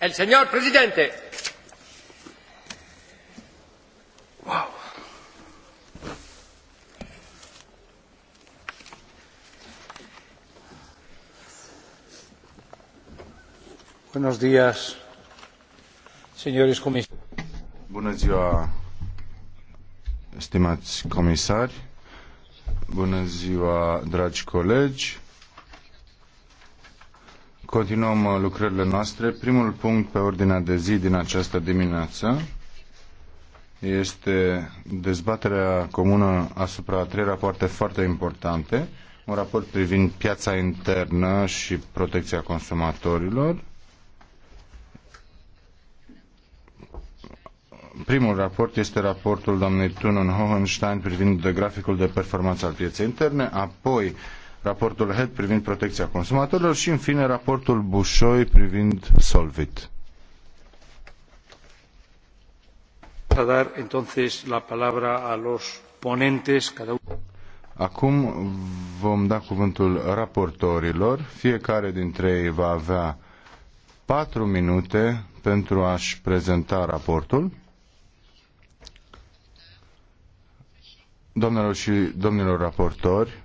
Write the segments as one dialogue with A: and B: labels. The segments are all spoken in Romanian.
A: El señor presidente. Wow. Buenos días, señores comisarios. Bună ziua, stimați comisari. Bună ziua, dragi colegi. Continuăm uh, lucrările noastre. Primul punct pe ordinea de zi din această dimineață este dezbaterea comună asupra a trei rapoarte foarte importante. Un raport privind piața internă și protecția consumatorilor. Primul raport este raportul doamnei Tunon Hohenstein privind graficul de performanță al pieței interne, apoi raportul HED privind protecția consumatorilor și, în fine, raportul Bușoi privind Solvit. A dar entonces la palabra a los ponentes, cada Acum vom da cuvântul raportorilor. Fiecare dintre ei va avea patru minute pentru a-și prezenta raportul. Doamnelor și domnilor raportori,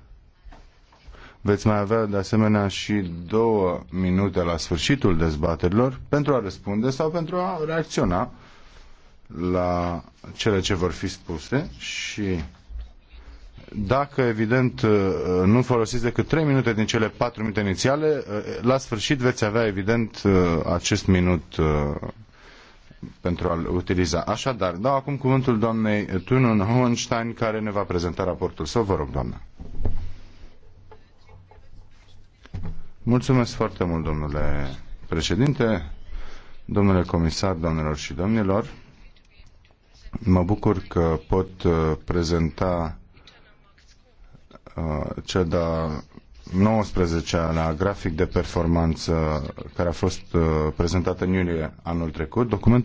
A: Veți mai avea de asemenea și două minute la sfârșitul dezbaterilor pentru a răspunde sau pentru a reacționa la cele ce vor fi spuse și dacă, evident, uh, nu folosiți decât 3 minute din cele 4 minute inițiale, uh, la sfârșit veți avea, evident, uh, acest minut pentru a-l utiliza. Așadar, dau acum cuvântul doamnei Tunun Hohenstein, care ne va prezenta raportul său. Vă rog, doamna. Mulțumesc foarte mult, domnule președinte, domnule comisar, doamnelor și domnilor. Mă bucur că pot uh, prezenta cea de 19 la grafic de performanță care a fost uh, prezentat în iulie anul trecut. Documentul